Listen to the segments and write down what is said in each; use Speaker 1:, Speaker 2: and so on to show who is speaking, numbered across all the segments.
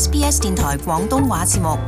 Speaker 1: SBS 電台廣東話節目，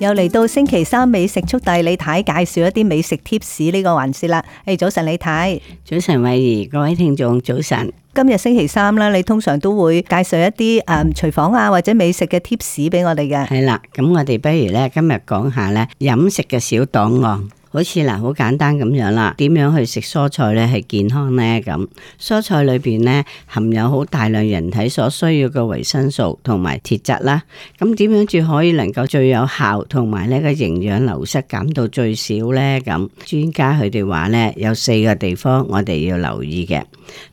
Speaker 1: 又嚟到星期三美食速遞，李太介紹一啲美食貼士呢個環節啦。誒，早晨李太，
Speaker 2: 早晨慧兒，各位聽眾早晨。
Speaker 1: 今日星期三啦，你通常都會介紹一啲誒廚房啊或者美食嘅貼士俾我哋嘅。
Speaker 2: 係啦，咁我哋不如咧今日講下咧飲食嘅小檔案。好似嗱，好簡單咁樣啦，點樣去食蔬菜咧係健康呢？咁蔬菜裏邊咧含有好大量人體所需要嘅維生素同埋鐵質啦。咁點樣先可以能夠最有效同埋呢個營養流失減到最少呢？咁專家佢哋話呢，有四個地方我哋要留意嘅。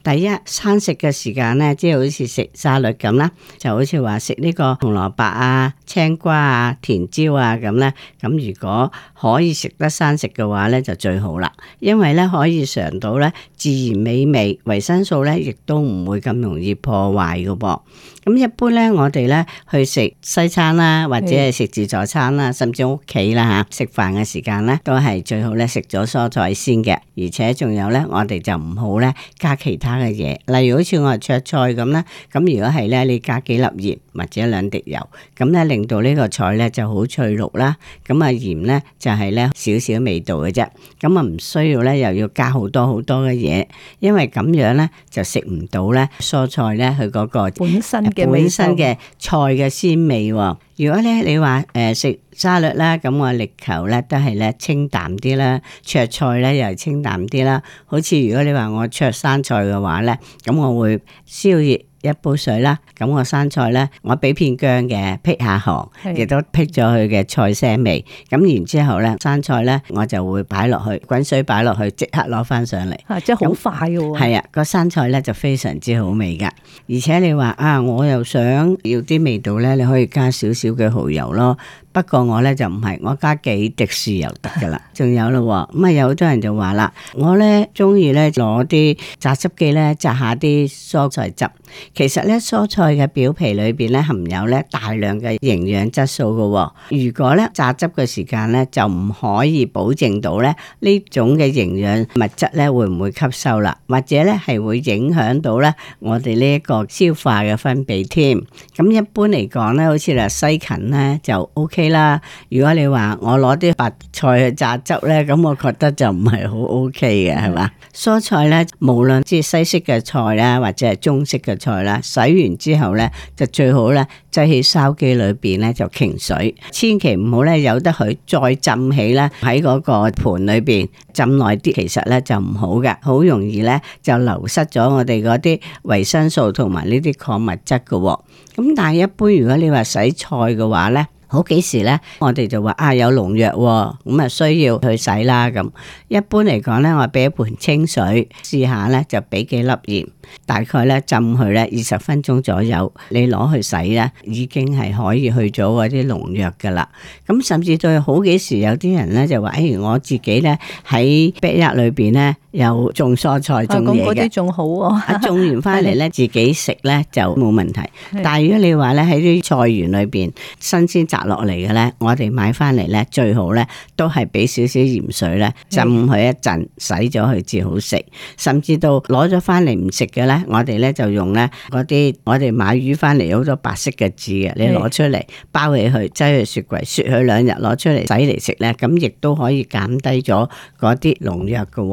Speaker 2: 第一，生食嘅時間呢，即係好似食沙律咁啦，就好似話食呢個紅蘿蔔啊、青瓜啊、甜椒啊咁呢。咁如果可以食得生食嘅話咧，就最好啦，因為咧可以嘗到咧自然美味，維生素咧亦都唔會咁容易破壞嘅噃。咁一般咧，我哋咧去食西餐啦，或者係食自助餐啦，甚至屋企啦嚇食、啊、飯嘅時間咧，都係最好咧食咗蔬菜先嘅。而且仲有咧，我哋就唔好咧加其他嘅嘢，例如好似我哋灼菜咁啦。咁如果係咧，你加幾粒鹽或者兩滴油，咁咧令到呢個菜咧就好翠綠啦。咁啊鹽咧。鹽呢就係咧少少味道嘅啫，咁啊唔需要咧又要加好多好多嘅嘢，因為咁樣咧就食唔到咧蔬菜咧佢嗰個本身嘅本身嘅菜嘅鮮味喎。如果咧你話誒食沙律啦，咁我力求咧都係咧清淡啲啦，灼菜咧又係清淡啲啦。好似如果你我話我灼生菜嘅話咧，咁我會燒熱一煲水啦，咁我生菜咧，我俾片薑嘅，撇下寒亦都撇咗佢嘅菜腥味。咁是然之後咧，生菜咧我就會擺落去滾水擺落去，即刻攞翻上嚟，啊。
Speaker 1: 即真係好快㗎喎！係啊，
Speaker 2: 個生、啊、菜咧就非常之好味㗎。而且你話啊，我又想要啲味道咧，你可以加少少。少嘅蠔油啦。 不過我咧就唔係，我加幾滴豉油得噶啦。仲 有咯，咁啊有好多人就話啦，我咧中意咧攞啲榨汁機咧榨下啲蔬菜汁。其實咧，蔬菜嘅表皮裏邊咧含有咧大量嘅營養質素噶喎。如果咧榨汁嘅時間咧就唔可以保證到咧呢種嘅營養物質咧會唔會吸收啦，或者咧係會影響到咧我哋呢一個消化嘅分泌添。咁一般嚟講咧，好似話西芹咧就 OK，啦，如果你話我攞啲白菜去榨汁咧，咁我覺得就唔係好 OK 嘅，係嘛？蔬菜咧，無論即係西式嘅菜啦，或者係中式嘅菜啦，洗完之後咧，就最好咧，就去筲箕裏邊咧就傾水，千祈唔好咧由得佢再浸起啦，喺嗰個盤裏邊浸耐啲，其實咧就唔好嘅，好容易咧就流失咗我哋嗰啲維生素同埋呢啲礦物質嘅哦。咁但係一般如果你話洗菜嘅話咧。好幾時呢，我哋就話啊有農藥喎，咁啊需要去洗啦。咁一般嚟講呢，我俾一盆清水試下呢，就俾幾粒鹽。大概咧浸佢咧二十分鐘左右，你攞去洗咧，已經係可以去咗嗰啲農藥噶啦。咁甚至再好幾時，有啲人咧就話：哎，我自己咧喺 backyard 裏邊咧又種蔬菜，啊、種嘢嗰啲
Speaker 1: 仲好啊！啊， 種完翻嚟，咧
Speaker 2: 自己食咧就冇問題。 但係如果你話咧喺啲菜園裏邊新鮮摘落嚟嘅，咧，我哋買翻嚟咧最好咧都係俾少少鹽水咧浸佢一陣，洗咗佢至好食。甚至到攞咗翻嚟唔食。嘅咧，我哋咧就用咧嗰啲我哋買魚返嚟好多白色嘅紙嘅，你攞出嚟包起，包起去來來，擠去雪櫃，雪佢兩日，攞出嚟洗嚟食咧，咁亦都可以減低咗嗰啲農藥嘅。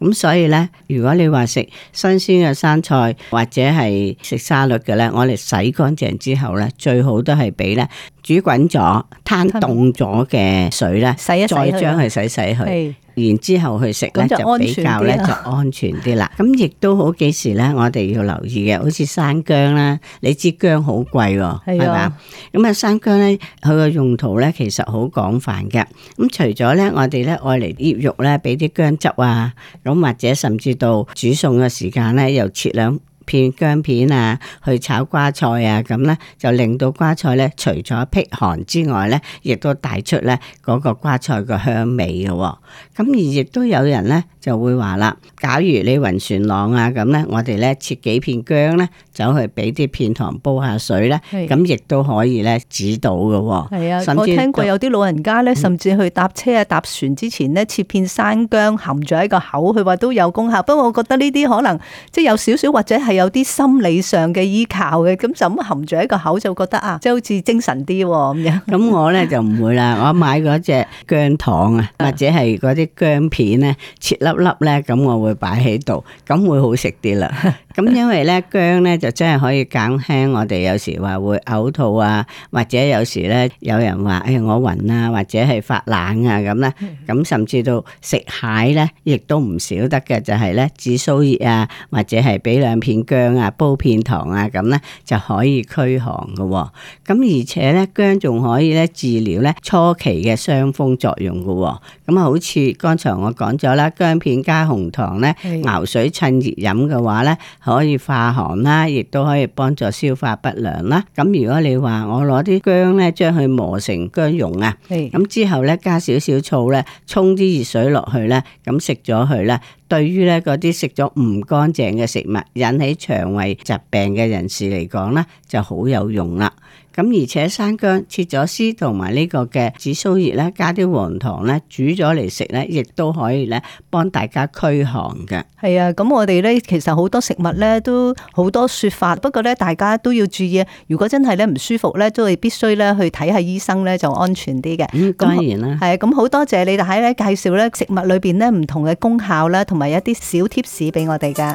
Speaker 2: 咁所以咧，如果你話食新鮮嘅生菜或者係食沙律嘅咧，我哋洗乾淨之後咧，最好都係俾咧煮滾咗，攤凍咗嘅水咧，嗯，洗一洗再將佢洗洗佢。嗯洗然之後去食咧就比較咧就安全啲啦，咁亦都好幾時咧，我哋要留意嘅，好似山薑啦，你知薑好貴喎，係嘛、啊？咁啊山薑咧，佢個用途咧其實好廣泛嘅。咁除咗咧，我哋咧愛嚟醃肉咧，俾啲薑汁啊，咁或者甚至到煮餸嘅時間咧，又切兩片薑片啊，去炒瓜菜啊，咁咧就令到瓜菜咧除咗辟寒之外咧，亦都帶出咧嗰個瓜菜個香味嘅，啊。咁而亦都有人咧就會話啦，假如你暈船浪啊咁咧，我哋咧切幾片薑咧，走去俾啲片糖煲下水咧，咁亦都可以咧止到嘅。係啊，啊甚至我聽過有
Speaker 1: 啲老人家咧，甚至去搭車啊、嗯、搭船之前咧，切片生薑含咗喺個口，佢話都有功效。不過我覺得呢啲可能即係有少少或者係。有啲心理上嘅依靠嘅，咁就咁含住一個口就覺得啊，即係好似精神啲咁樣。
Speaker 2: 咁我咧就唔會啦，我買嗰隻薑糖啊，或者係嗰啲薑片咧，切粒粒咧，咁我會擺喺度，咁會好食啲啦。咁因為咧薑咧就真係可以減輕我哋有時話會嘔吐啊，或者有時咧有人話誒我暈啊，或者係發冷啊咁咧，咁甚至到食蟹咧亦都唔少得嘅，就係咧紫蘇葉啊，或者係俾兩片。薑啊，煲片糖啊，咁呢，就可以驅寒㗎喎。咁而且呢，薑仲可以呢治療呢初期嘅傷風作用㗎喎。咁、嗯、啊，好似剛才我講咗啦，薑片加紅糖呢，熬水趁熱飲嘅話呢，可以化寒啦，亦都可以幫助消化不良啦。咁、嗯、如果你話我攞啲薑呢將佢磨成薑蓉啊，咁是之後呢，加少少醋呢，沖啲熱水落去呢，咁食咗佢呢。對於呢嗰啲食咗唔乾淨嘅食物引起腸胃疾病嘅人士嚟講呢，就好有用啦。咁而且生薑切咗絲同埋呢個嘅紫蘇葉咧，加啲紅糖咧煮咗嚟食咧，亦都可以咧幫大家驅寒嘅。
Speaker 1: 係啊，咁我哋咧其實好多食物咧都好多說法，不過咧大家都要注意啊！如果真係咧唔舒服咧，都係必須咧去睇下醫生咧，就安全啲嘅。咁然啦。係啊，咁好多謝你哋喺咧介紹咧食物裏邊咧唔同嘅功效啦，同埋一啲小 t 士 p 俾我哋噶。